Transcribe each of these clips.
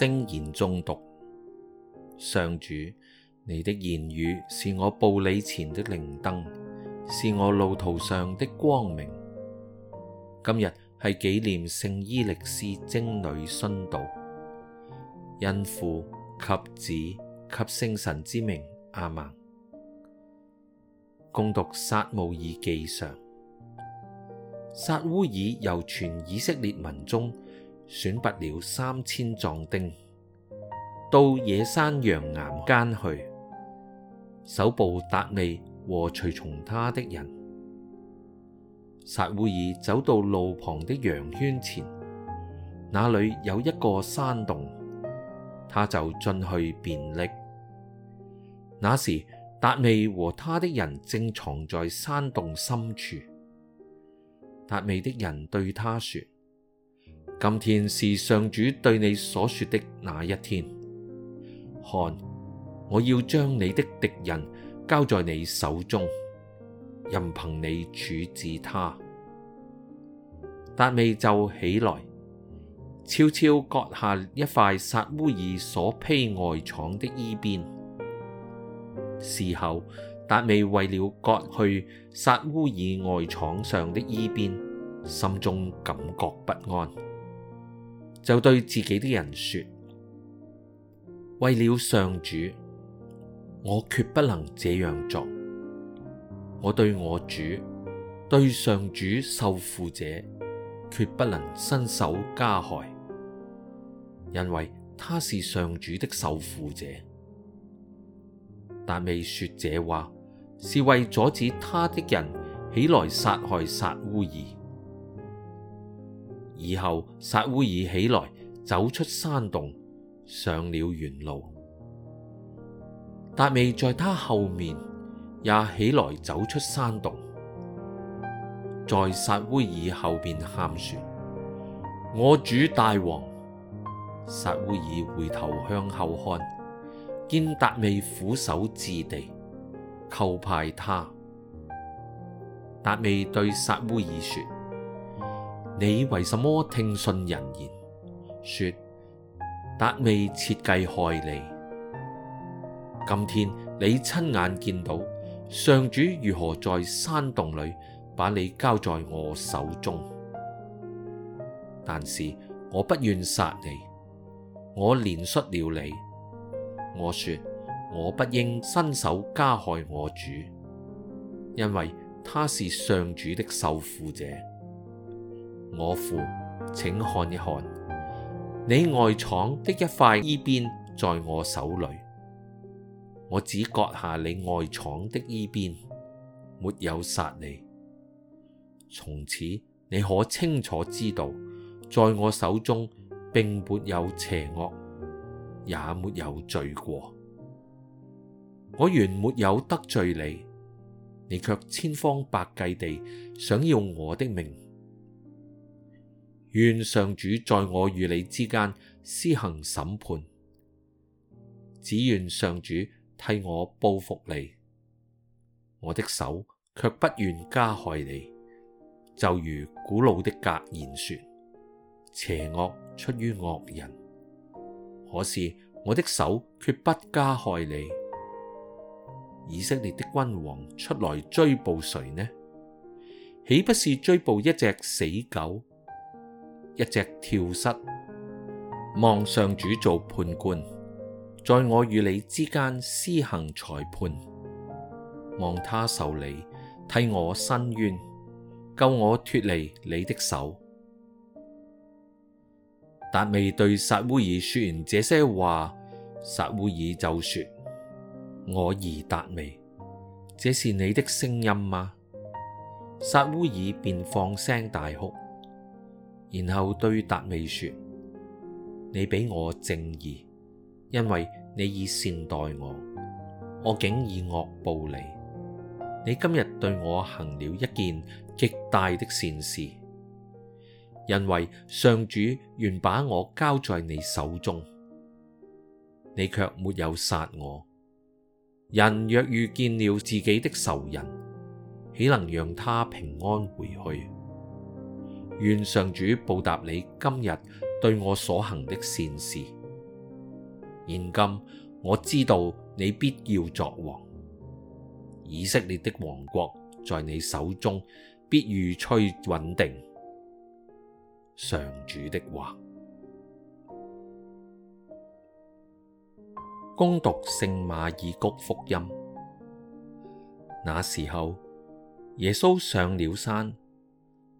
聖言誦讀，上主，你的言語是我步履前的靈燈，是我路途上的光明。今日係紀念聖依搦斯貞女殉道，因父及子及聖神之名，阿們。恭讀撒慕爾紀上，撒烏爾由全以色列民中，選拔了三千壯丁到野山羊巖間去，手抱達味和隨從他的人。撒烏爾走到路旁的羊圈前，那裏有一個山洞，他就進去便溺。那時達味和他的人正藏在山洞深處，達味的人對他說。今天是上主對你所說的那一天。看，我要將你的敵人交在你手中，任憑你處置他。達味就起來，悄悄割下一塊撒烏耳所披外氅的衣邊。事後，達味為了割去撒烏耳外氅上的衣邊，心中感覺不安。就對自己的人說：為了上主，我決不能這樣做。我對我主，對上主受傅者，決不能伸手加害，因為他是上主的受傅者。達味說這話，是為阻止他的人起來殺害撒烏耳。以後撒烏耳起來，走出山洞，上了原路。達味在他後面也起來，走出山洞，在撒烏耳後面喊說：「我主，大王！」撒烏耳回頭向後看，見達味俯首至地，叩拜他。達味對撒烏耳說。你為什麼聽信人言，說達味設計害你？今天你親眼見到上主如何在山洞裏把你交在我手中，但是我不願殺你，我憐恤了你。我說我不應伸手加害我主，因為他是上主的受傅者。我父，請看一看你外氅的一塊衣邊，在我手裏，我只割下你外氅的衣邊，沒有殺你。從此你可清楚知道，在我手中並沒有邪惡，也沒有罪過。我原沒有得罪你，你卻千方百計地想要我的命。願上主在我與你之間施行審判，只願上主替我報復你，我的手卻不願加害你。就如古老的格言說：邪惡出於惡人，可是我的手卻不加害你。以色列的君王出來追捕誰呢？豈不是追捕一隻死狗？一隻跳蚤！望上主做判官，在我與你之間施行裁判，望他受理，替我伸冤，救我脫離你的手。達味對撒烏爾說完這些話，撒烏爾就說：我兒達味，這是你的聲音嗎？撒烏爾便放聲大哭。然後對達味說，你比我正義，因為你以善待我，我竟以惡報你。你今日對我行了一件極大的善事，因為上主原把我交在你手中，你卻沒有殺我。人若遇見了自己的仇人，豈能讓他平安回去？願上主報答你今日對我所行的善事。現今我知道你必要作王，以色列的王國在你手中必愈趨穩定。上主的話。恭讀聖馬爾谷福音。那時候，耶穌上了山。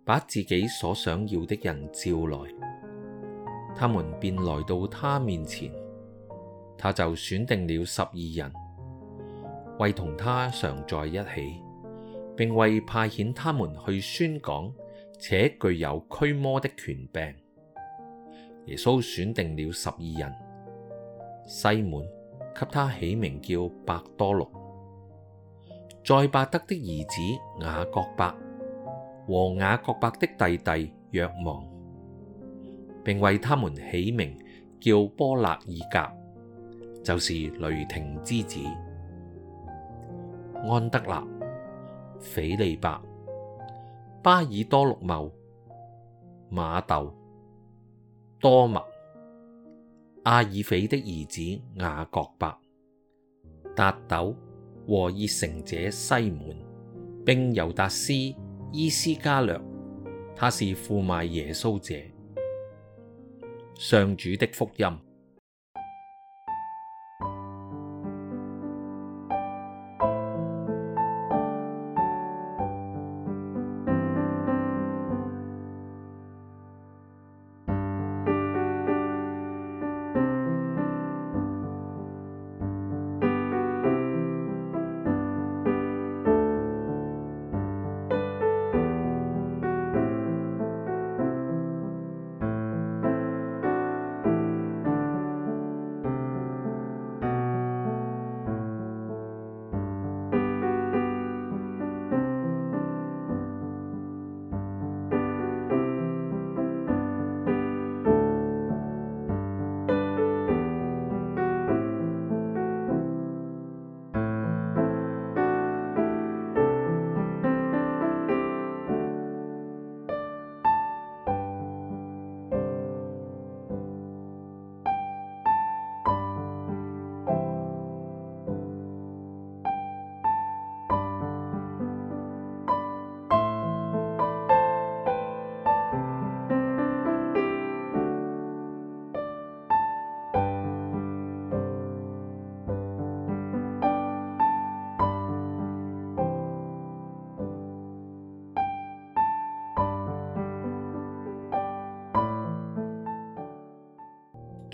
把自己所想要的人召來，他們便來到他面前，他就選定了十二人為同他常在一起，並為派遣他們去宣講且具有驅魔的權柄。耶穌選定了十二人，西滿，給他起名叫伯多祿，載伯德的兒子雅各伯。和雅各伯的弟弟若望，並為他們起名叫波納爾革，就是雷霆之子，安德肋、斐理伯、巴爾多祿茂、馬竇、多默、阿爾斐的兒子雅各伯、達陡和熱誠者西滿，並猶達斯。依斯加略，他是負賣耶穌者，上主的福音。